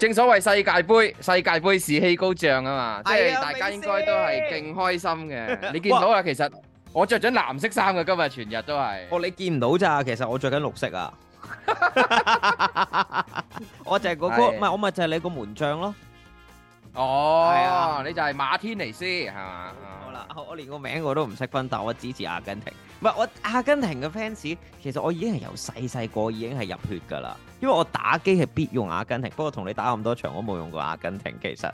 正所謂世界盃，世界盃士氣高漲啊嘛，即係大家應該都係勁開心嘅。你見到啦，其實我着咗藍色衫嘅，今日全日都係。哦，你見唔到咋？其實我着緊綠色啊。我就係個，唔係，我咪就係你個門將咯。哦，你就係馬天尼斯，係嘛？好啦，我連個名我都唔識分，但我支持阿根廷。唔係我阿根廷嘅 fans，其實我已經係由細細個已經係入血㗎啦。因為我打機係必用阿根廷，不過同你打咁多場，我冇用過阿根廷。其實，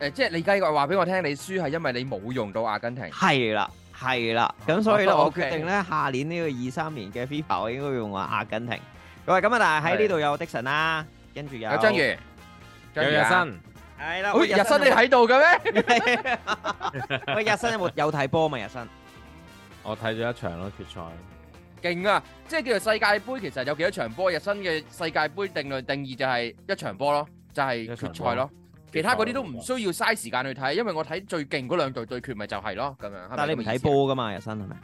誒，即係你今日話俾我聽，你輸係因為你冇用到阿根廷。係啦，係啦，咁所以咧，我決定咧，下年呢個二三年嘅 FIFA，我應該用啊阿根廷。喂，咁啊，但係喺呢度有 Dixon 啦，跟住有章魚、日新。係啦，喂，日新你喺度嘅咩？喂，日新有冇有睇波咪？日新，我睇咗一場咯，決賽。勁啊！即係叫做世界杯，其實有幾多場波？日新嘅世界杯定律定義就係一場波咯，就係決賽咯。其他嗰啲都唔需要嘥時間去睇，因為我睇最勁嗰兩隊對決咪就係咯，咁樣。但係你唔睇波噶嘛？日新係咪？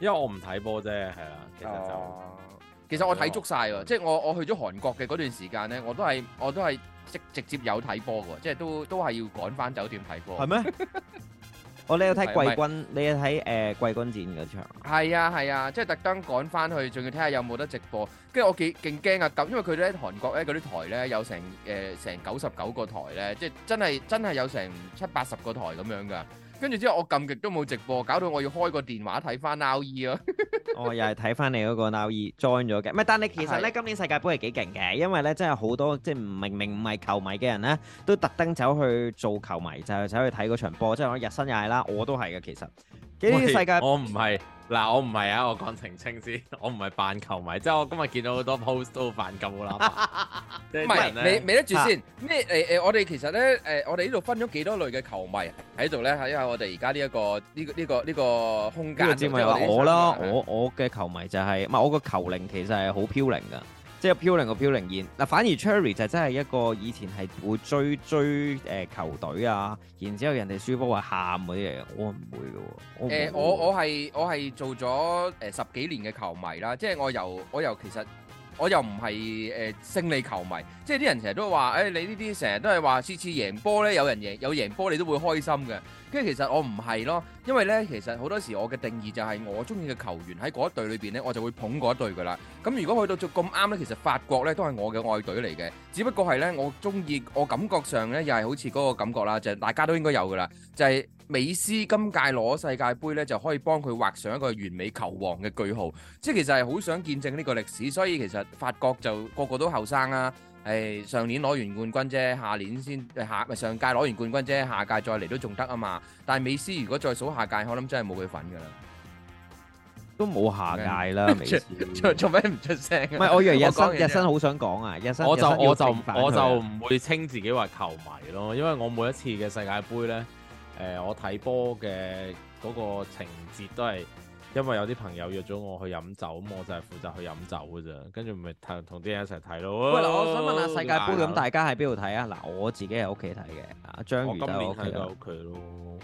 因為我唔睇波啫，係啦，其實就。其實我睇足晒喎，嗯、即係我我去咗韓國嘅嗰段時間咧，我都係我都係直直接有睇波嘅，即係都都係要趕翻酒店睇波。係咩？我你去睇季軍，是你去睇誒季軍戰嗰場。係啊係啊，啊，即係特登趕翻去，仲要睇下有冇得直播。跟住我幾勁驚啊！咁因為佢咧韓國咧嗰啲台咧有成誒、呃、成九十九個台咧，即係真係真係有成七八十個台咁樣噶。跟住之後，我撳極都冇直播，搞到我要開個電話睇翻 NowE 咯。哦，又係睇翻你嗰個 NowE join 咗嘅。唔係，但係其實咧，是今年世界盃係幾勁嘅，因為咧真係好多即係明明唔係球迷嘅人咧，都特登走去做球迷，就係走去睇嗰場波。即係我日新又係啦，我都係嘅。其實今年喂世界，我唔係。嗱，我唔係啊，我講澄清先，我唔係扮球迷，即係我今日見到好多 post 都扮咁好。啦， 即係啲人咧。未未得住先咩？誒誒、啊呃呃，我哋其實咧誒、呃，我哋呢度分咗幾多類嘅球迷喺度咧喺因我哋而家呢一個呢、這個呢、這個呢、這個空間。啱咪話我咯啦、嗯，我我嘅球迷就係、是，唔係我個球齡其實係好飄零噶。即係飄零個飄零現，嗱反而 Cherry 就真係一個以前係會追追誒、呃、球隊啊，然之後人哋輸波話喊嗰啲嘢，我唔會㗎喎。我、呃、我係我係做咗誒、呃、十幾年嘅球迷啦，即係我由我由其實。我又唔係誒勝利球迷，即係啲人成日都話，誒、哎、你呢啲成日都係話次次贏波咧，有人贏有贏波你都會開心嘅。跟住其實我唔係咯，因為咧其實好多時我嘅定義就係我中意嘅球員喺嗰一隊裏邊咧，我就會捧嗰一隊噶啦。咁如果去到咁啱咧，其實法國咧都係我嘅愛隊嚟嘅，只不過係咧我中意，我感覺上咧又係好似嗰個感覺啦，就係、大家都應該有噶啦，就係、係。美斯今屆攞世界盃咧，就可以幫佢畫上一個完美球王嘅句號。即係其實係好想見證呢個歷史，所以其實法國就個個都後生啦。係上年攞完冠軍啫，下年先，下上屆攞完冠軍啫，下屆再嚟都仲得啊嘛。但係美斯如果再數下屆，我諗真係冇佢份噶啦，都冇下屆啦。美斯做做咩唔出聲啊？唔係，我以為日新日新好想講啊，日新我就我就我就唔會稱自己話球迷咯，因為我每一次嘅世界盃咧。誒、呃，我睇波嘅嗰個情節都係因為有啲朋友約咗我去飲酒，咁我就係負責去飲酒嘅啫。跟住咪同啲人一齊睇咯。嗱、哦，我想問下世界盃咁，大家喺邊度睇啊？嗱，我自己喺屋企睇嘅，阿章魚就喺屋企咯。誒、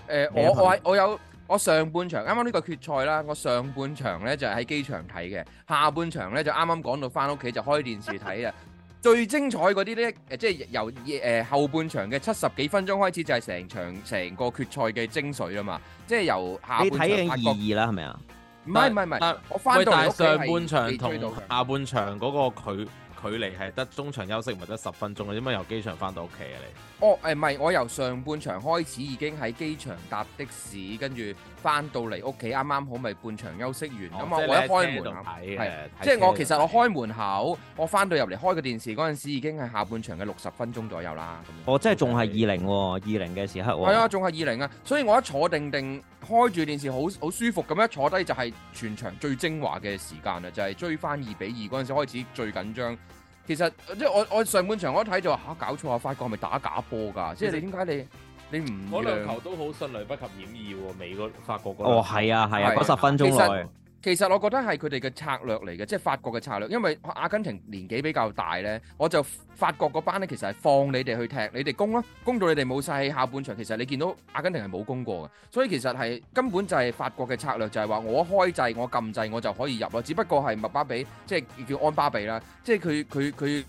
呃，我我我有我上半場啱啱呢個決賽啦，我上半場咧就係、是、喺機場睇嘅，下半場咧就啱啱講到翻屋企就開電視睇嘅。 最精彩嗰啲咧，誒、呃、即係由誒、呃、後半場嘅七十幾分鐘開始就，就係成場成個決賽嘅精髓啦嘛！即係由下半場。你睇緊二二啦，係咪啊？唔係唔係唔係，我翻到上半場同下半場嗰個距距離係得中場休息，唔係得十分鐘啊！點解由機場翻到屋企啊？你？哦，誒唔係，我由上半場開始已經喺機場搭的士，跟住。翻到嚟屋企，啱啱好咪半場休息完，咁啊、哦、我一開門，係即係我其實我開門口，我翻到入嚟開個電視嗰陣時，已經係下半場嘅六十分鐘左右啦。我即係仲係二零喎，二零嘅時候，喎。係啊，仲係二零啊，所以我一坐定定，開住電視，好好舒服咁樣一坐低，就係全場最精華嘅時間啦，就係、是、追翻二比二嗰陣時開始最緊張。其實即係、就是、我我上半場我一睇就話嚇、啊、搞錯啊，發覺係咪打假波㗎？即係你點解你？你唔嗰兩球都好迅雷不及掩耳喎、啊，美國法國哦，係啊係啊，九、啊啊、十分鐘其實。其實我覺得係佢哋嘅策略嚟嘅，即係法國嘅策略，因為阿根廷年紀比較大咧，我就法國嗰班咧，其實係放你哋去踢，你哋攻咯，攻到你哋冇曬。下半場其實你見到阿根廷係冇攻過嘅，所以其實係根本就係法國嘅策略，就係、是、話我開掣我撳掣我就可以入咯。只不過係麥巴比即係叫安巴比啦，即係佢佢佢。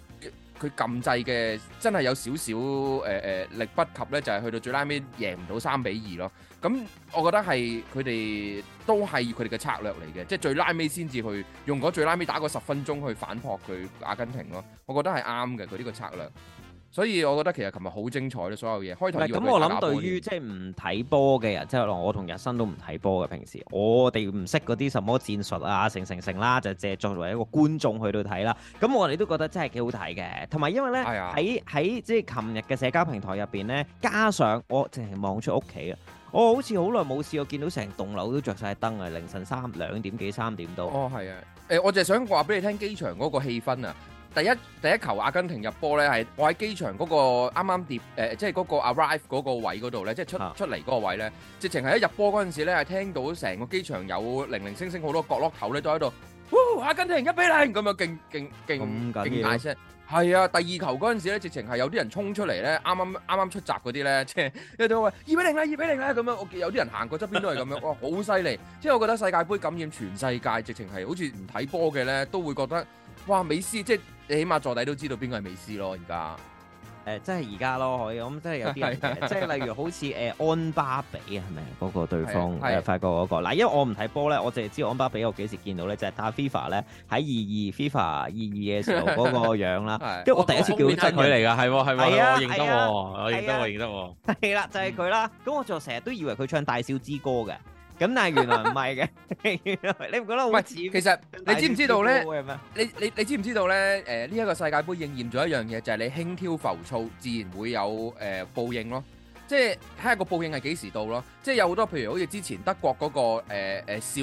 佢禁制嘅真係有少少誒誒力不及咧，就係去到最拉尾贏唔到三比二咯。咁我覺得係佢哋都係佢哋嘅策略嚟嘅，即係最拉尾先至去用嗰最拉尾打嗰十分鐘去反撲佢阿根廷咯。我覺得係啱嘅佢呢個策略。所以我覺得其實琴日好精彩咧，所有嘢開頭咁我諗，對於即係唔睇波嘅人，即係我同日新都唔睇波嘅平時我，我哋唔識嗰啲什麼戰術啊，成成成啦，就借作為一個觀眾去到睇啦。咁我哋都覺得真係幾好睇嘅。同埋因為呢，喺喺、哎、呀即係琴日嘅社交平台入邊呢，加上我淨係望出屋企啊，我好似好耐冇試過，我見到成棟樓都着晒燈啊，凌晨三兩點幾三點到。哦，係啊，誒、欸，我就係想話俾你聽，機場嗰個氣氛啊！第一第一球阿根廷入波咧，係我喺機場嗰個啱啱跌誒，即係嗰個 arrive 嗰個位嗰度咧，即係出出嚟嗰個位咧，直情係一入波嗰陣時咧，係聽到成個機場有零零星星好多角落頭咧都喺度，哇、呃！阿根廷一比零咁樣，勁勁勁勁大聲，係啊！第二球嗰陣時咧，直情係有啲人衝出嚟咧，啱啱啱啱出閘嗰啲咧，即係即係都話二比零啦，二比零啦咁樣，我見有啲人行過側邊都係咁樣，哇！好犀利！即係我覺得世界盃感染全世界，直情係好似唔睇波嘅咧，都會覺得哇！美斯即係。即你起碼坐底都知道邊個係美斯咯、呃，而家誒，即係而家咯，可以咁、嗯，真係有啲即係例如好似誒、呃、安巴比啊，係咪啊？嗰、嗰個對方誒時時、呃、法國嗰、嗰個，嗱，因為我唔睇波咧，我淨係知道安巴比，我幾時見到咧？就係、是、打 FIFA, 22, FIFA 咧，喺二二 FIFA 二二嘅時候嗰個樣啦，即係我第一次叫佢嚟㗎，係喎係咪我認得喎，我認得我，的我認得喎，係啦就係佢啦。咁我就成日都以為佢唱大笑之歌嘅。時嗯咁但係原來唔係嘅，你唔覺得好？其實你知唔知道咧？你你你知唔知道咧？誒，呢一個世界杯應驗咗一樣嘢，就係你輕佻浮躁，自然會有誒報應咯。即係睇下個報應係幾時到咯。即係有好多譬如好似之前德國嗰個誒誒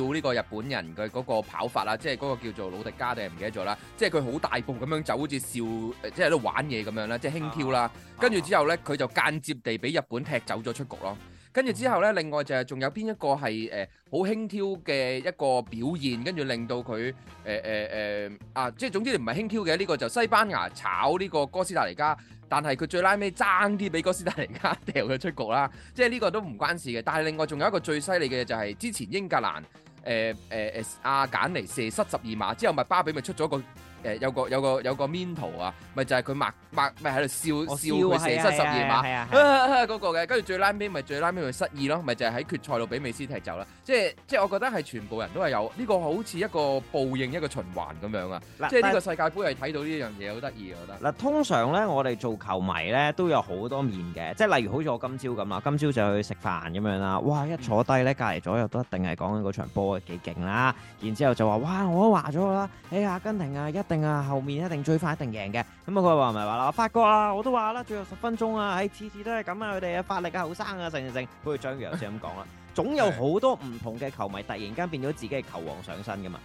笑呢個日本人嘅嗰個跑法啦，即係嗰個叫做魯迪加定係唔記得咗啦。即係佢好大步咁樣走，好似笑，即係喺度玩嘢咁樣啦，即係輕佻啦。跟住之後咧，佢就間接地俾日本踢走咗出局咯。跟住之後呢，另外就係仲有邊一個係誒好輕佻嘅一個表現，跟住令到佢誒誒誒啊！即係總之唔係輕佻嘅呢個就西班牙炒呢個哥斯達黎加，但係佢最拉尾爭啲俾哥斯達黎加掉咗出局啦。即係呢個都唔關事嘅，但係另外仲有一個最犀利嘅就係之前英格蘭誒誒誒阿簡尼射失十二碼之後，麥巴比咪出咗個。誒有個有個有個 meme 圖啊，咪就係佢麥麥咪喺度笑笑佢射失十二碼嗰個嘅，跟住最拉尾咪最拉尾咪失意咯，咪就係喺決賽度俾美斯踢走啦。即係即係我覺得係全部人都係有呢個好似一個報應一個循環咁樣啊。即係呢個世界盃係睇到呢樣嘢好得意啊，我覺得。嗱，通常咧我哋做球迷咧都有好多面嘅，即係例如好似我今朝咁啦，今朝就去食飯咁樣啦。哇！一坐低咧隔離左右都一定係講緊嗰場波幾勁啦。然之後就話哇，我都話咗啦，誒阿根廷啊一定啊，後面一定最快，一定贏嘅。咁啊，佢話咪係話啦，發覺啊，我都話啦，最後十分鐘啊，唉，次次都係咁啊，佢哋啊，發力啊，後生啊，成成，好似張宇頭先咁講啦。總有好多唔同嘅球迷突然間變咗自己嘅球王上身噶嘛？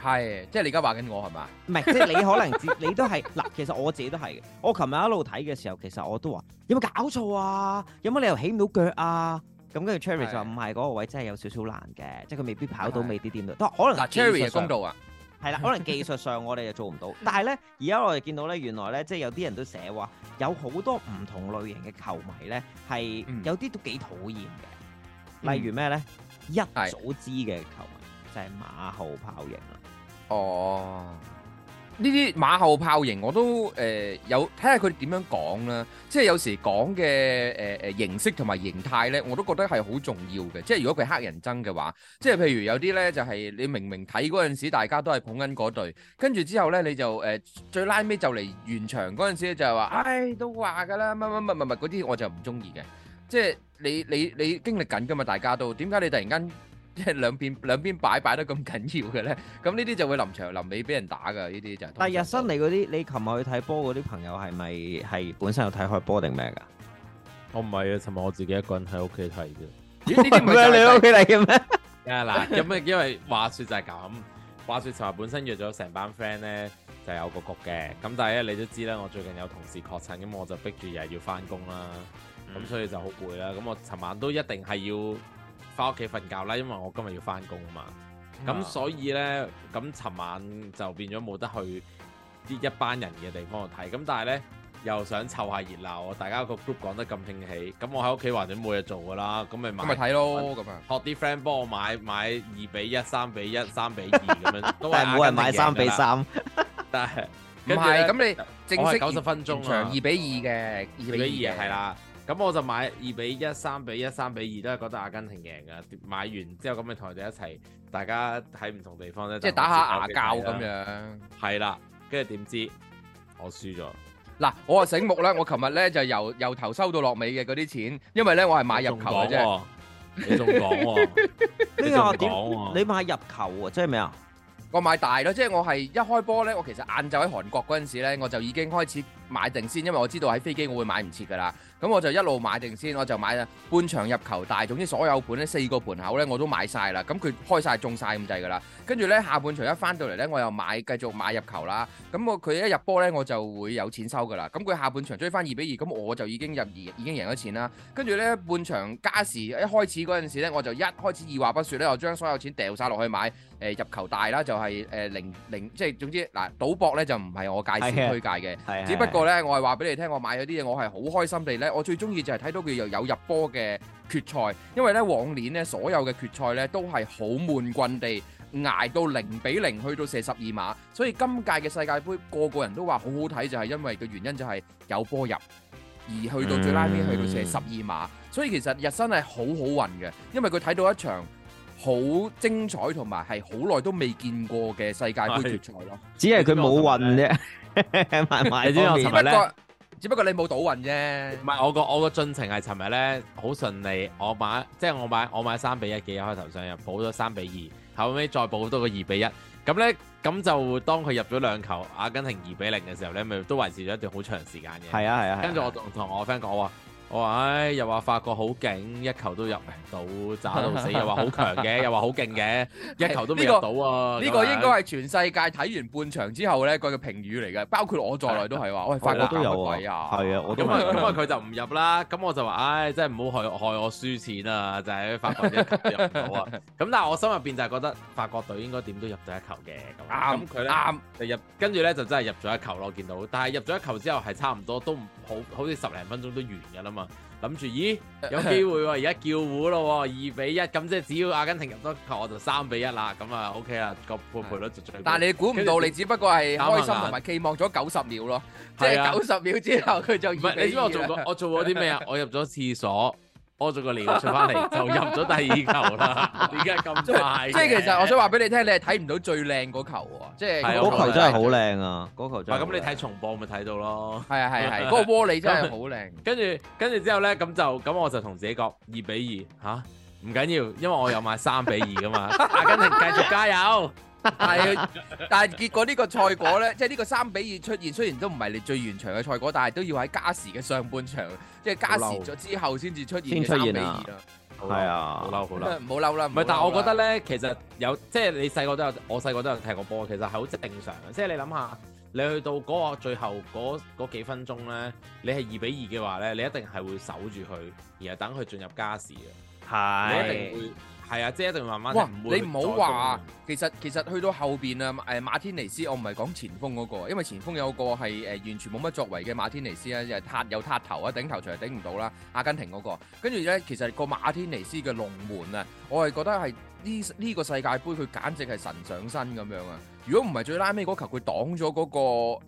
係，即係你而家話緊我係嘛？唔係，即係你可能你都係嗱， 其實我自己都係我琴日一路睇嘅時候，其實我都話有冇搞錯啊？有冇理由起唔到腳啊？咁跟住 Cherry 就話唔係嗰個位，真係有少少難嘅，即係佢未必跑到尾啲是點都可能。Cherry 嘅公道啊！係啦， 可能技術上我哋就做唔到，但係咧，而家我哋見到咧，原來咧，即係有啲人都寫話，有好多唔同類型嘅球迷咧，係有啲都幾討厭嘅，嗯、例如咩咧，嗯、一早知嘅球迷的就係馬後炮型啦。哦。呢啲馬後炮型我都誒、呃、有睇下佢點樣講啦，即係有時講嘅誒誒形式同埋形態咧，我都覺得係好重要嘅。即係如果佢黑人憎嘅話，即係譬如有啲咧就係、是、你明明睇嗰陣時大家都係捧緊嗰隊，跟住之後咧你就誒最拉尾就嚟完場嗰陣時咧就係話，唉都話㗎啦乜乜乜乜乜嗰啲我就唔中意嘅。即係你你你經歷緊㗎嘛，大家都點解你、呃、你，你，你，你突然間？即係兩邊兩邊擺擺得咁緊要嘅咧，咁呢啲就會臨場臨尾俾人打噶，呢啲就。但係日新嚟嗰啲，你琴日去睇波嗰啲朋友係咪係本身有睇開波定咩噶？我唔係啊，琴日我自己一個人喺屋企睇啫。咦？呢啲唔係你屋企嚟嘅咩？啊嗱，咁因為話説就係咁，話説琴日本身約咗成班 friend 咧，就有個局嘅。咁但係咧，你都知啦，我最近有同事確診，咁我就逼住日日要翻工啦。咁所以就好攰啦。咁我琴晚都一定係要。翻屋企瞓覺啦，因為我今日要翻工嘛。咁、嗯、所以咧，咁尋晚就變咗冇得去啲一班人嘅地方度睇。咁但係咧，又想湊下熱鬧，大家個 group 講得咁興起。咁我喺屋企或者冇嘢做噶啦，咁咪買咪睇咯。咁樣，學啲 friend 幫我買買二比一、三比一、三比二咁樣，都係冇人買三比三。但係唔係咁你正式九十分鐘長，二比二嘅，二比二嘅係啦。咁我就買二比一、三比一、三比二，都係覺得阿根廷贏㗎。買完之後咁咪同佢哋一齊，大家喺唔同地方咧，即係是打下牙鉸咁樣。係啦， 跟住點知我輸咗。嗱，我話醒目啦，我琴日咧就由由頭收到落尾嘅嗰啲錢，因為咧我係買入球嘅啫、啊。你仲講喎？你仲講喎？ 你仲、啊、買入球喎？即係咩啊？我買大咯，即係我係一開波呢。我其實晏晝喺韓國嗰陣時咧，我就已經開始買定先，因為我知道喺飛機我會買唔切噶啦。咁我就一路買定先，我就買半場入球大，總之所有盤呢，四個盤口呢，我都買晒啦。咁佢開晒中晒咁滯噶啦。跟住呢，下半場一翻到嚟呢，我又買繼續買入球啦。咁我佢一入波呢，我就會有錢收噶啦。咁佢下半場追翻二比二，咁我就已經入已已經贏咗錢啦。跟住呢，半場加時一開始嗰陣時呢，我就一開始二話不說呢，我將所有錢掉晒落去買。誒入球大啦，就係誒零零，即係總之嗱，賭博咧就唔係我介紹推介嘅，只不過咧我係話俾你聽，我買咗啲嘢，我係好開心地咧，我最中意就係睇到佢又有入波嘅決賽，因為咧往年咧所有嘅決賽咧都係好悶棍地捱到零比零去到射十二碼，所以今屆嘅世界盃個個人都話好好睇，就係因為個原因就係有波入，而去到最拉尾去到射十二碼，所以其實日新係好好運嘅，因為佢睇到一場。好精彩同埋係好耐都未見過嘅世界盃決賽咯，只係佢冇運啫。買買， 只不過只不過你冇賭運啫。唔係我個我個進程係尋日咧好順利，我買即係我買我買三比一嘅，開頭上入，補咗三比二，後尾再補多個二比一。咁咧咁就當佢入咗兩球，阿根廷二比零嘅時候咧，咪都維持咗一段好長時間嘅。係啊係啊，跟住我同我 friend 講話。哇！唉，又話法國好勁，一球都入唔到，渣到死。又話好強嘅，又話好勁嘅，一球都未入到啊！呢個應該係全世界睇完半場之後咧，個評語嚟嘅。包括我在內都係話，喂，法國都有鬼啊！係啊，咁啊咁啊，佢就唔入啦。咁我就話，唉，真係唔好害害我輸錢啊！就係法國一球入唔到啊！咁但係我心入面就係覺得法國隊應該點都入到一球嘅。咁啱佢啱就入，跟住咧就真係入咗一球咯。見到，但係入咗一球之後係差唔多都唔好，好似十零分鐘都完㗎啦嘛。諗住，咦，有機會喎！而家叫糊咯，二比一，咁即係只要阿根廷入多球我就三比一啦。咁啊，OK 啦，個判賠率就最高。但係你估唔到，你只不過係開心同埋期望咗九十秒咯。即係九十秒之後佢就二比一。唔係，你知我做過，我做過啲咩啊？ 我入咗廁所。多咗個連出翻嚟 就入咗第二球啦！點解咁快？即係其實我想話俾你聽，你係睇唔到最靚嗰球喎。即係嗰球真係好靚啊！嗰是球真係。咁你睇重播咪睇到咯。係啊係係，嗰 個窩利真係好靚。 跟住跟住之後咧，咁就咁我就同自己講二比二吓、啊？唔緊要，因為我有買三比二噶嘛。阿根廷繼續加油！係， 但係結果呢個賽果呢，就是，個賽果咧，即係呢個三比二出現，雖然都唔係你最完場嘅賽果，但係都要喺加時嘅上半場，即係加時咗之後先至出現三比二咯。係啊，好嬲，好嬲， 唔好嬲啦。唔係，不但係我覺得咧，其實有 即係你細個都有，我細個都有踢過波，其實係好正常。即係你諗下，你去到嗰個最後嗰嗰幾分鐘咧，你係二比二嘅話咧，你一定係會守住佢，而係等佢進入加時嘅。係。係啊，即係一定要慢慢。哇！你唔好話，其實其實去到後邊啊，誒馬天尼斯，我唔係講前鋒嗰個，因為前鋒有個係誒完全冇乜作為嘅馬天尼斯咧，又塔又塔頭啊，頂頭就係頂唔到啦。阿根廷嗰個，跟住咧其實個馬天尼斯嘅龍門啊，我係覺得係。呢呢、這個世界杯佢簡直係神上身咁樣啊！如果唔係最拉尾嗰球佢擋咗嗰、那個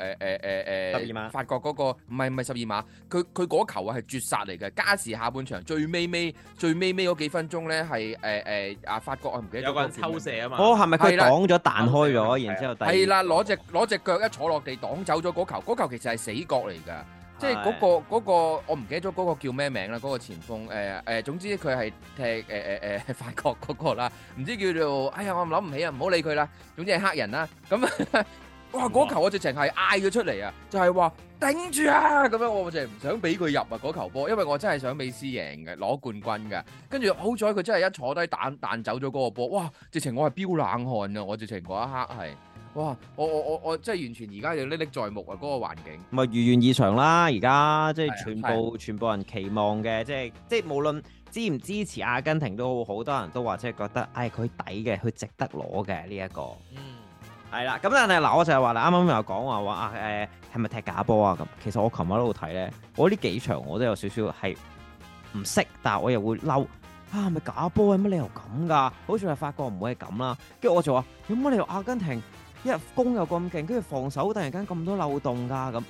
誒誒誒誒，十、呃、二、呃呃、碼法國嗰、那個唔係唔係十二碼，佢佢嗰球啊係絕殺嚟嘅，加時下半場最尾尾最尾尾嗰幾分鐘咧係誒誒啊法國我唔記得有個人抽射啊嘛，哦係咪佢擋咗彈開咗，的然之後第係啦攞隻攞隻腳一坐落地擋走咗嗰球，嗰球其實係死角嚟噶。即係嗰、那個嗰、那個，我唔記得咗嗰個叫咩名啦。嗰、那個前鋒誒誒、呃呃，總之佢係踢誒誒誒法國嗰個啦。唔知叫做哎呀、呃，我諗唔起啊，唔好理佢啦。總之係黑人啦。咁啊，哇！嗰、那個、球我直情係嗌咗出嚟啊，就係、是、話頂住啊！咁樣我我淨係唔想俾佢入啊嗰、那個、球波，因為我真係想俾斯贏嘅攞冠軍㗎。跟住好彩，佢真係一坐低彈彈走咗嗰個波。哇！直情我係飆冷汗啊！我直情嗰一刻係。哇！我我我我即係完全而家就歷歷在目啊！嗰、嗰個環境咪如願以償啦！而家即係全部唉全部人期望嘅，即係即係無論支唔支持阿根廷都好多人都話，即係覺得誒佢抵嘅，佢值得攞嘅呢一個。嗯，係啦。咁但係嗱，我就係話啦，啱啱又講話話誒係咪踢假波啊？咁其實我琴晚喺度睇咧，我呢幾場我都有少少係唔識，但係我又會嬲啊！咪假波啊！乜理由咁㗎？好似話法國唔會係咁啦。跟住我就話有乜理由阿根廷？一日攻又咁勁，跟住防守突然間咁多漏洞噶，咁，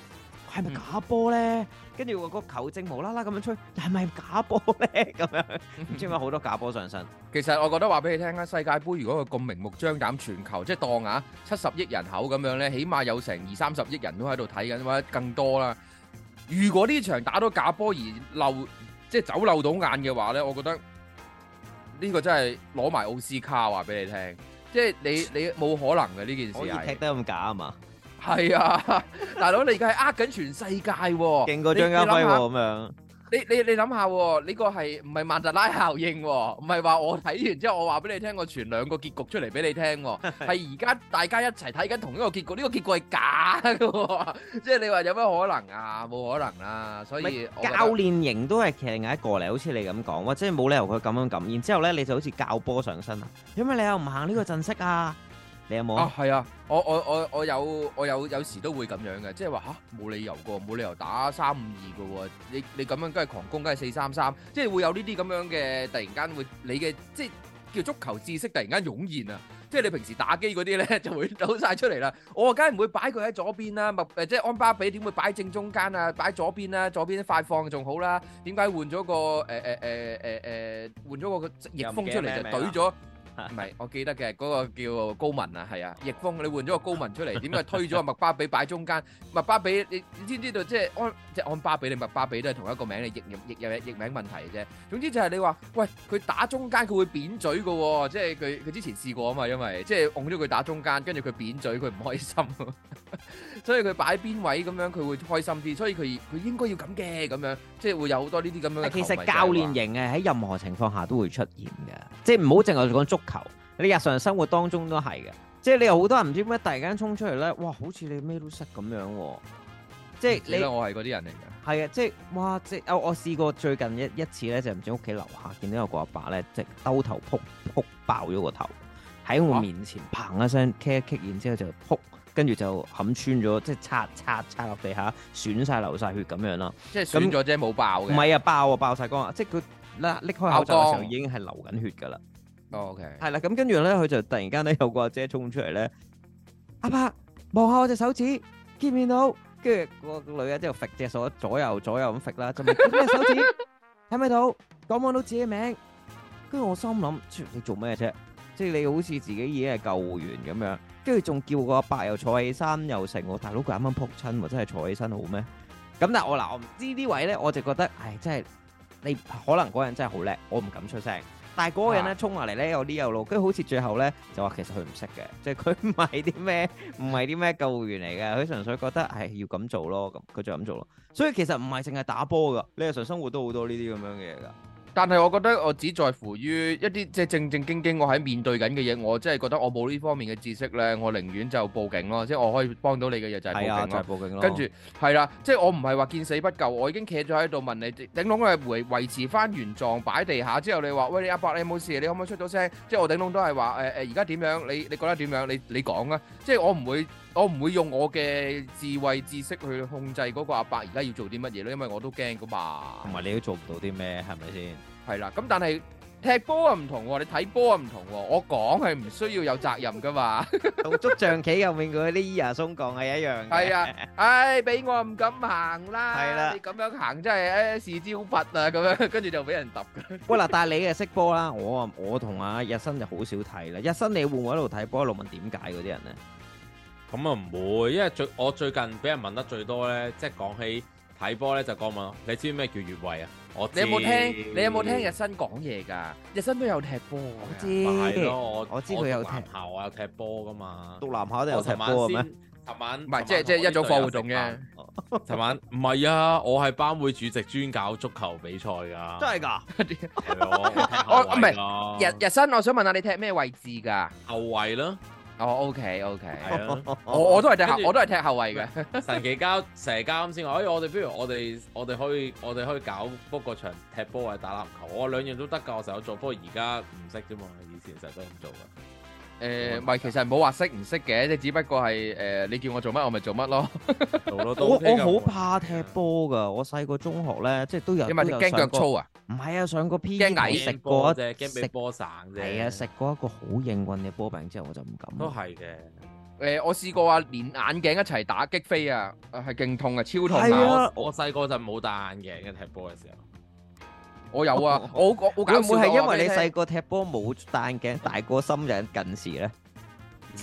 係咪假波咧？跟住話個球證無啦啦咁樣吹，係咪假波咧？咁樣唔知點解好多假波上身。其實我覺得話俾你聽啦，世界盃如果佢咁明目張膽全球，即係當啊七十億人口咁樣咧，起碼有成二三十億人都喺度睇緊或者更多啦。如果呢場打到假波而漏，即係走漏到眼嘅話咧，我覺得呢個真係攞埋奧斯卡話俾你聽。即係你你冇可能嘅呢件事，可以踢得咁假啊嘛？係 啊，大佬你而家係呃緊全世界喎、啊，勁過張家輝喎咁樣。你你你諗下喎、哦，呢、這個係唔係曼德拉效應喎、哦？唔係話我睇完之後我話俾你聽，我傳兩個結局出嚟俾你聽喎、哦。係而家大家一齊睇緊同一個結局，呢、這個結局係假嘅、哦， 即係你話有咩可能啊？冇可能啦、啊，所以是教練型都係騎眼一個嚟，好似你咁講，即係冇理由佢咁樣咁。然之後咧，你就好似教波上身啊？有咩你又唔行呢個陣式啊？你有冇啊？係啊！我我我我有我有有時都會咁樣嘅，即係話吓冇理由噶，冇理由打三五二噶。你你咁樣梗係狂攻，梗係四三三，即係會有呢啲咁樣嘅突然間會你嘅即係叫足球知識突然間湧現啊！即係你平時打機嗰啲咧就會抖晒出嚟啦。我梗係唔會擺佢喺左邊啦，咪誒即係安巴比點會擺正中間啊？擺左邊啦，左邊快放仲好啦。點解換咗個誒誒誒誒誒換咗個個逆風出嚟就懟咗？唔係，我記得嘅嗰個叫高文啊，係啊，易峰，你換咗個高文出嚟，點解推咗個麥巴比擺中間？ 麥巴比，你你知唔知道即係安即係安巴比，你麥巴比都係同一個名，你譯譯有譯名問題啫。總之就係你話，喂，佢打中間佢會扁嘴㗎喎，即係佢佢之前試過啊嘛，因為即係㧬咗佢打中間，跟住佢扁嘴，佢唔開心。 所以佢擺邊位咁樣佢會開心啲，所以佢佢應該要咁嘅咁樣，即係會有好多呢啲咁樣。其實教練型嘅喺任何情況下都會出現嘅，即係唔好淨係講足球，你日常生活當中都係嘅。即係你有好多人唔知點解突然間衝出嚟咧，哇！好似你咩都識咁樣喎。即係你，我係嗰啲人嚟嘅。係啊，即係哇！即係我我試過最近一一次咧，就唔知屋企樓下見到有個阿爸咧，即係兜頭撲撲爆咗個頭喺我面前，砰、啊、一聲 kick 一 kick 然之後就撲。跟住就冚穿咗，即係擦擦擦落地下，損晒流晒血咁樣啦。即係損咗啫，冇爆嘅。唔係啊，爆啊，爆晒光啊！即係佢啦，拎開口罩嘅時候已經係流緊血噶啦。OK。係啦，咁跟住咧，佢就突然間咧有個阿姐衝出嚟咧。阿伯望下我隻手指，見唔見到，跟住個女嘅之後揈隻手，左右左右咁揈啦，就問：咩手指？睇唔睇到？講唔講到自己名？跟住我心諗：你做咩啫？即係你好似自己已經係救援咁樣。跟住仲叫個阿伯又坐起身，又成？大佬，佢啱啱仆親，真係坐起身好咩？咁但係我嗱，我唔知呢位咧，我就覺得唉、哎，真係你可能嗰人真係好叻，我唔敢出聲。但係嗰個人咧衝埋嚟咧，有啲有路，跟住好似最後咧就話其實佢唔識嘅，即係佢唔係啲咩，唔係啲咩救護員嚟嘅，佢純粹覺得係、哎、要咁做咯。咁佢就咁做咯。所以其實唔係淨係打波㗎，你日常生活都好多呢啲咁樣嘅嘢㗎。但係我覺得我只在乎於一啲即係正正經經我喺面對緊嘅嘢，我真係覺得我冇呢方面嘅知識咧，我寧願就報警咯，即係我可以幫到你嘅嘢就係報警咯。係啊，就係報警咯。跟住係啦，即係我唔係話見死不救，我已經企咗喺度問你，頂籠係維維持翻原狀擺地下之後，你，你話喂你阿伯你有冇事？你可唔可以出到聲？即係我頂籠都係話誒誒，而家點樣？你你覺得點樣？你你講啊！即係我唔會。我唔會用我嘅智慧知識去控制嗰個阿伯而家要做啲乜嘢咯，因為我都驚噶嘛。同埋你都做唔到啲咩，係咪先？係啦，咁但係踢波啊唔同喎，你睇波啊唔同喎，我講係唔需要有責任噶嘛。同捉象棋入面嗰啲兒孫講係一樣。係啊，唉，俾我唔敢行啦。係啦，你咁樣行真係唉事兆佛啊咁樣，跟住就俾人揼噶。喂，嗱，但係你啊識波啦，我啊我同阿日新就好少睇啦。日新你會唔會喺度睇波一路問點解嗰啲人咧？咁啊唔會，因為最我最近俾人問得最多咧，即係講起睇波咧就講問你知咩叫越位啊？我你有冇聽？你有冇聽日新講嘢㗎？日新都有踢波，我知。我知佢有踢校啊，踢波㗎嘛。讀男校都有踢波啊？咩？琴晚唔係即係即係一種課活動嘅。琴晚唔係啊，我係班會主席，專搞足球比賽㗎。真係㗎？我我唔係日日新，我想問下你踢咩位置㗎？後衞咯。哦，OK，OK，係啊，我我都係踢，我都係踢後衛嘅著 。神奇交射交。先話，哎，我哋不如我哋我哋可以我哋可以搞 book 個場踢波啊，打籃球，我兩樣都得噶。我成日做，不過而家唔識啫嘛。以前成日都咁做噶。誒、欸，唔係的，其實冇話識唔識嘅，你只不過係誒、呃，你叫我做乜，我咪做乜咯。 我我好怕踢波噶， 我細個中學咧，即係都有，因為驚腳粗啊。唔係啊，上過 P.E. 食過啫，驚俾波散啫。係啊，食過一個好硬淨嘅波餅之後，我就唔敢。都係嘅，誒，我試過啊，連眼鏡一齊打擊飛啊，係勁痛啊，超痛啊！我我細個陣冇戴眼鏡嘅踢波嘅時候，我有啊，我我會唔會係因為你細個踢波冇戴眼鏡，大個心有眼近視咧？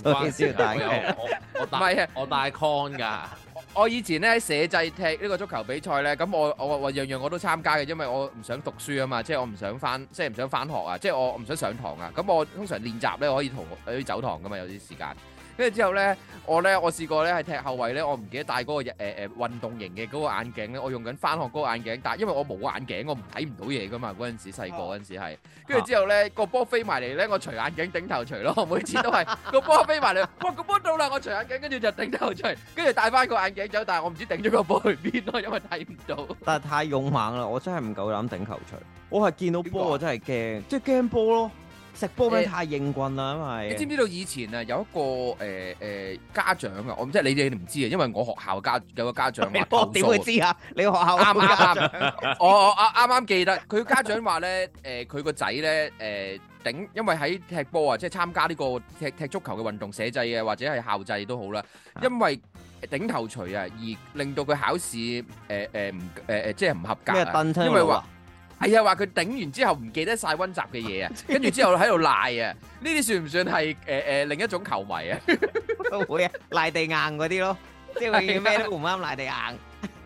我唔知戴眼鏡，唔係啊，我戴 con 噶。我以前呢喺社制踢呢個足球比賽呢，咁我我，我各樣各樣我都參加嘅，因為我唔想讀書啊嘛，即係我唔想返，即係唔想返學啊，即係我唔想上堂啊，咁我通常練習呢可以同可以走堂㗎嘛，有啲時間。跟住之後咧，我咧我試過咧係踢後衞咧，我唔記得戴嗰、那個日誒誒運動型嘅嗰個眼鏡咧，我用緊翻學嗰個眼鏡，但係因為我冇眼鏡，我唔睇唔到嘢噶嘛，嗰陣時細個嗰陣時係。跟住、啊、之後咧，個波飛埋嚟咧，我除眼鏡頂頭除咯，每次都係個波飛埋嚟，哇個波到啦，我除眼鏡，跟住就頂頭除，跟住戴翻個眼鏡走，但係我唔知頂咗個波去邊咯，因為睇唔到。但係太勇猛啦， 我真係唔夠膽頂頭除。我係見到波我真係驚，即係驚波咯。食波咪、呃、太應棍啦，因為你知唔知道以前啊，有一個誒誒家長啊，我唔知你哋唔知啊，因為我學校家有個家長話。食波點會知啊？你學校啱啱啱。我我啱啱記得佢家長話咧誒，佢個仔咧誒頂，因為喺踢波啊，即係參加呢個踢踢足球嘅運動社際啊，或者係校際都好啦，因為頂頭錘啊，而令到佢考試誒誒唔誒誒，即係唔合格 因為話。係啊，話佢頂完之後唔記得晒温習嘅嘢啊，麼跟住之後喺度賴啊，呢啲算唔算係誒誒另一種球迷啊？都會啊，賴地硬嗰啲咯，即係咩都唔啱賴地硬。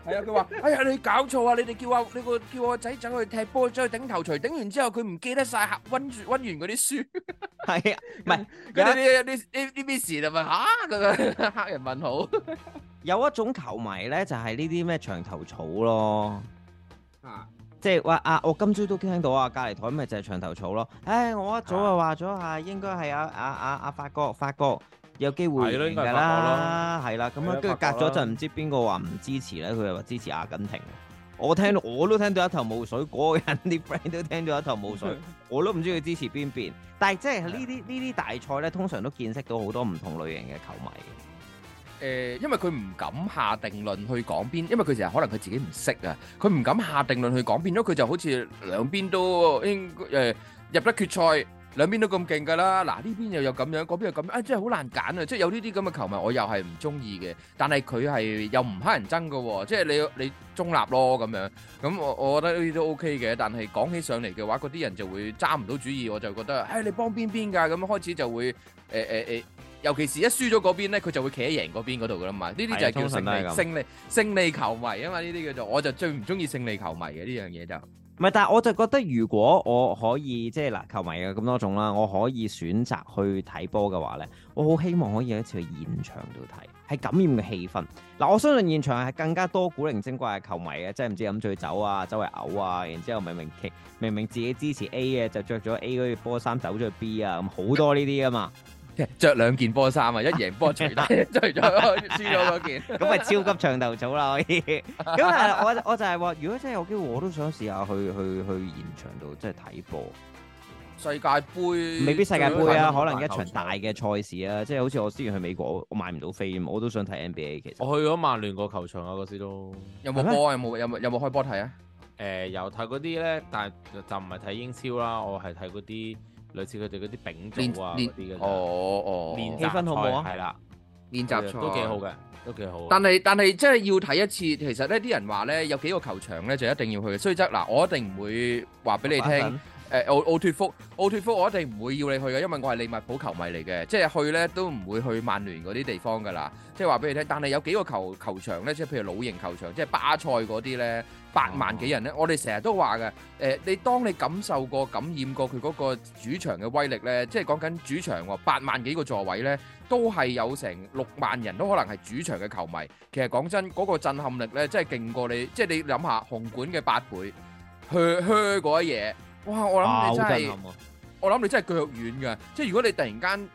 係啊，佢話：哎呀，你搞錯啊！你哋叫阿你個叫我仔仔去踢波，再頂頭錘。頂完之後佢唔記得晒吓温温完嗰啲書。係在啊，唔係嗰啲啲啲啲咩事就話吓，個黑人問號。有一種球迷咧，就係呢啲咩長頭草咯，啊。即係話啊！我今朝都聽到啊，隔籬台咪就係牆頭草咯。唉、哎，我一早就話咗下，應該係啊。阿阿阿法國，法國有機會贏噶啦，係啦。咁啊，跟住隔咗陣，唔知邊個話唔支持咧，佢又話支持阿根廷。我聽我都聽到一頭霧水，嗰、那個人啲 friend 都聽到一頭霧水， 我都唔知佢支持邊邊。但係即係呢啲呢啲大賽咧，通常都見識到好多唔同類型嘅球迷。誒，因為佢唔敢下定論去講邊，因為佢成日可能佢自己唔識啊，佢唔敢下定論去講邊，咁佢就好似兩邊都誒入得決賽，兩邊都咁勁㗎啦。嗱呢邊又有咁樣，嗰邊又咁樣，啊真係好難揀啊！即係有呢啲咁嘅球迷，我又係唔中意嘅，但係佢係又唔乞人憎嘅，即係你你中立咯咁樣，咁我我覺得呢啲都 OK 嘅。但係講起上嚟嘅話，嗰啲人就會揸唔到主意，我就覺得，唉，你幫邊邊㗎咁，開始就會誒誒誒。尤其是一輸咗嗰邊咧，佢就會企喺贏嗰邊嗰度噶啦嘛。呢啲就係叫勝利勝利勝利球迷啊嘛！呢啲叫做我就最唔中意勝利球迷嘅呢樣嘢就係。唔係，但係我就覺得如果我可以即係嗱，球迷有咁多種啦，我可以選擇去睇波嘅話咧，我好希望可以有一次去現場度睇，係感染嘅氣氛。嗱、啊，我相信現場係更加多古靈精怪嘅球迷嘅，即係唔知飲醉酒啊，周圍嘔啊，然之後明明明明自己支持 A 嘅就着咗 A 嗰件波衫走咗去 B 啊，咁好多呢啲噶嘛。着兩件波衫啊！一贏波，除曬； 除咗，輸咗嗰件。咁咪 超級長頭組啦！可以。咁啊，我我就係話，如果真係有機會，我都想試下去去去，去，去現場度，即係睇波。世界盃未必世界盃啊，可能一場大嘅賽事啊， 即係好似我之前去美國，我買唔到飛，我都想睇 NBA。其實我去咗曼聯個球場啊，嗰時都有冇波嗎？有冇有冇有冇開波睇啊？誒，有睇嗰啲咧，但就唔係睇英超啦，我係睇嗰啲。類似佢哋嗰啲丙菜啊哦哦，哦了練習分好唔好啊？係啦，練習賽都幾好嘅，都幾好，都好但。但係但係即係要睇一次，其實呢啲人話咧有幾個球場咧就一定要去。嘅。雖則嗱，我一定唔會話俾你聽。誒，奧、呃、奧脫福、奧脫福，我一定唔會要你去嘅，因為我係利物浦球迷嚟嘅，即係去咧都唔會去曼聯嗰啲地方㗎啦。即係話俾你聽，但係有幾個球球場咧，即係譬如老型球場，即係巴塞嗰啲咧。八萬幾人咧，啊、我哋成日都話嘅，誒、呃，你當你感受過感染過佢嗰個主場嘅威力咧，即係講緊主場喎，八萬幾個座位咧，都係有成六萬人都可能係主場嘅球迷。其實講真，嗰、嗰個震撼力咧，真係勁過你，即係你諗下紅館嘅八倍，嘘嘘嗰嘢，哇！我諗你真係，啊啊、我諗你真係腳軟㗎，即係如果你突然間。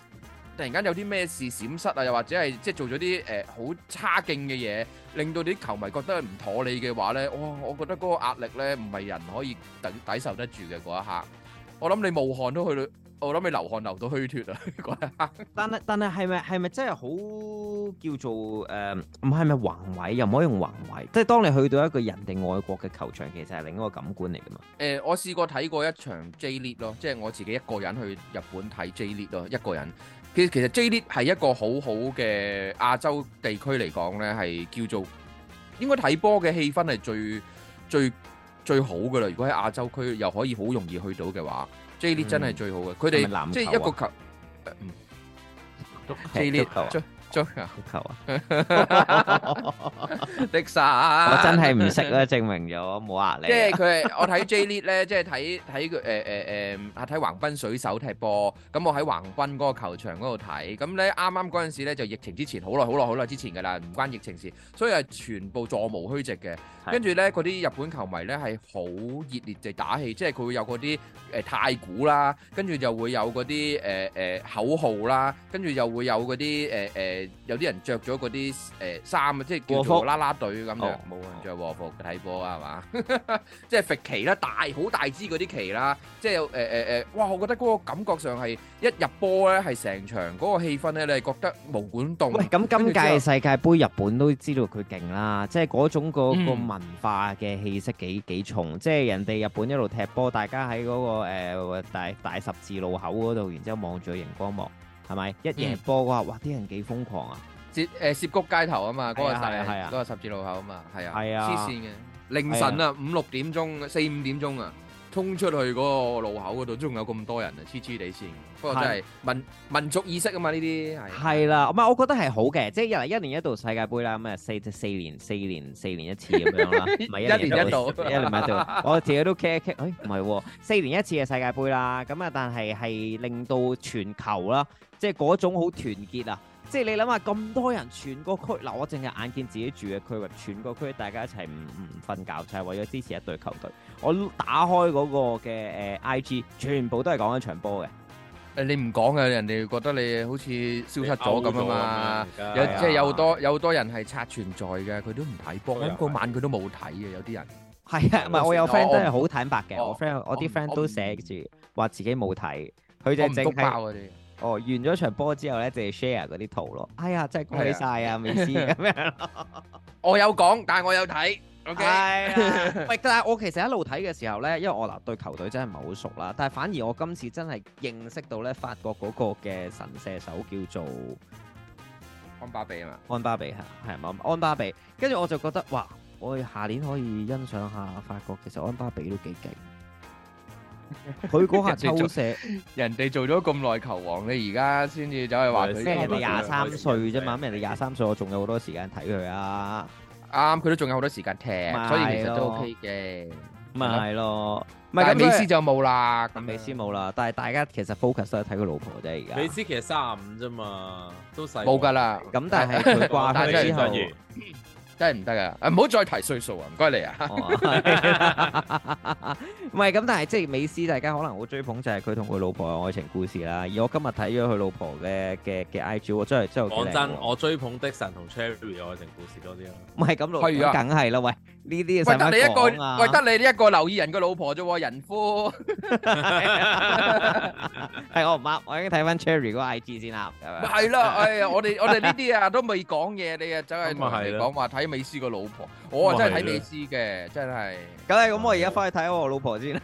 突然間有啲咩事閃失啊，又或者係即係做咗啲誒好差勁嘅嘢，令到啲球迷覺得唔妥你嘅話咧，哇、哦！我覺得嗰個壓力咧，唔係人可以抵,抵受得住嘅嗰一刻。我諗你冇汗都去到，我諗你流汗流到虛脱啊嗰一刻。但係但係係咪係咪真係好叫做誒？唔係咪宏偉又唔可以用宏偉？即係當你去到一個人哋外國嘅球場，其實係另一個感官嚟㗎嘛？誒、呃，我試過睇過一場 J League 咯，le ad, 即係我自己一個人去日本睇 J League 咯，le ad, 一個人。其實其實 J 聯賽係一個好好嘅亞洲地區嚟講咧，係叫做應該睇波嘅氣氛係最最最好噶啦。如果喺亞洲區又可以好容易去到嘅話，J 聯賽真係最好嘅。佢哋即係一個球、嗯、，J 聯賽。足球啊，迪沙中，我真係唔識啦，證明咗冇壓力。即係佢，我睇、啊、 J League 咧，即係睇睇佢誒誒誒啊睇橫濱水手踢波，咁、嗯、我喺橫濱嗰個球場嗰度睇，咁咧啱啱嗰陣時咧就疫情之前好耐好耐好耐之前噶啦，唔關疫情事，所以係全部座無虛席嘅。跟住咧嗰啲日本球迷咧係好熱烈地打氣，的即係佢會有嗰啲誒太鼓啦，跟住就會有嗰啲誒誒口號啦，跟住就會有嗰啲誒誒。呃呃有啲人著咗嗰啲誒衫啊，即係叫做啦啦隊咁樣，冇人著和服睇波啊，係嘛？即係旗啦，大好大支嗰啲旗啦，即係有誒誒誒，哇！我覺得嗰個感覺上係一入波咧，係成場嗰個氣氛咧，你係覺得毛管動。咁今屆世界盃日本都知道佢勁啦，即係嗰種嗰個文化嘅氣息幾幾重，即係人哋日本一路踢波，大家喺嗰個誒大大十字路口嗰度，然之後望住熒光幕。係咪一夜播嘅時候，嗯、哇！啲人幾瘋狂啊！涉誒、呃、涉谷街頭啊嘛，嗰個就係，嗰、啊啊、個十字路口啊嘛，係啊，黐線嘅凌晨啊，五六、啊、點鐘四五點鐘啊。衝出去嗰個路口嗰度，仲有咁多人啊！黐黐地先，是不過真係民民族意識啊嘛，呢啲係啦，唔係我覺得係好嘅，即係又係一年一度世界盃啦，咁啊四四年四年四年一次咁樣啦，唔係 一年， 年一度， 一年一度，我自己都 care care，哎唔係四年一次嘅世界盃啦，咁啊但係係令到全球啦，即係嗰種好團結啊！即係你諗下咁多人全個區，嗱我淨係眼見自己住嘅區域，全個區大家一齊唔唔瞓覺，就係為咗支持一隊球隊。我打開嗰個嘅誒 IG，全部都係講一場波嘅。誒，你唔講嘅，人哋覺得你好似消失咗咁啊嘛。有即係有多有多人係刷存在嘅，佢都唔睇波。咁嗰晚佢都冇睇嘅，有啲人。係啊，唔係我有 friend 真係好坦白嘅，我 friend 我啲 friend 都寫住話自己冇睇，佢就整淨係哦完咗場波之後咧，就 share 嗰啲圖咯。哎呀，真係恭喜晒啊，美斯！我有講，但係我有睇。O K，唔但係我其實一路睇嘅時候咧，因為我嗱對球隊真係唔係好熟啦，但係反而我今次真係認識到咧，法國嗰個嘅神射手叫做安巴比啊嘛，安巴比嚇，係啊，安安巴比，跟住我就覺得哇，我哋下年可以欣賞下法國，其實安巴比都幾勁，佢嗰下抽射，人哋做咗咁耐球王，你 而對家先至走去話佢，即係人哋廿三歲啫嘛，咩？人哋廿三歲，我仲有好多時間睇佢啊。啱，佢都仲有好多時間踢，了所以其實都 OK 嘅，咪係咯，咪咁美斯就冇啦，咁的美斯冇啦，但係大家其實 focus 喺睇佢老婆啫，而家美斯其實三十五啫嘛，都使冇噶啦，咁 但係佢掛翻之 後。 真係唔得噶，啊、唔好再提歲數啊！唔該你啊，唔係咁，但係即係美斯，大家可能好追捧就係佢同佢老婆嘅愛情故事啦。而我今日睇咗佢老婆嘅嘅嘅 IG，我真係真係幾靚。講真，我追捧的神同 Cherry 嘅愛情故事多啲，嗯、的啦。唔係咁老梗係啦喂。呢啲係得你一個，喂得你呢一個留意人嘅老婆啫喎，人夫係我唔啱，我已經睇翻 Cherry 個 IG 先啦。係啦，哎呀，我哋我哋呢啲啊都未講嘢，你啊走嚟同人哋講話睇美斯個老婆，我啊真係睇美斯嘅，真係。咁啊，咁我而家翻去睇我老婆先。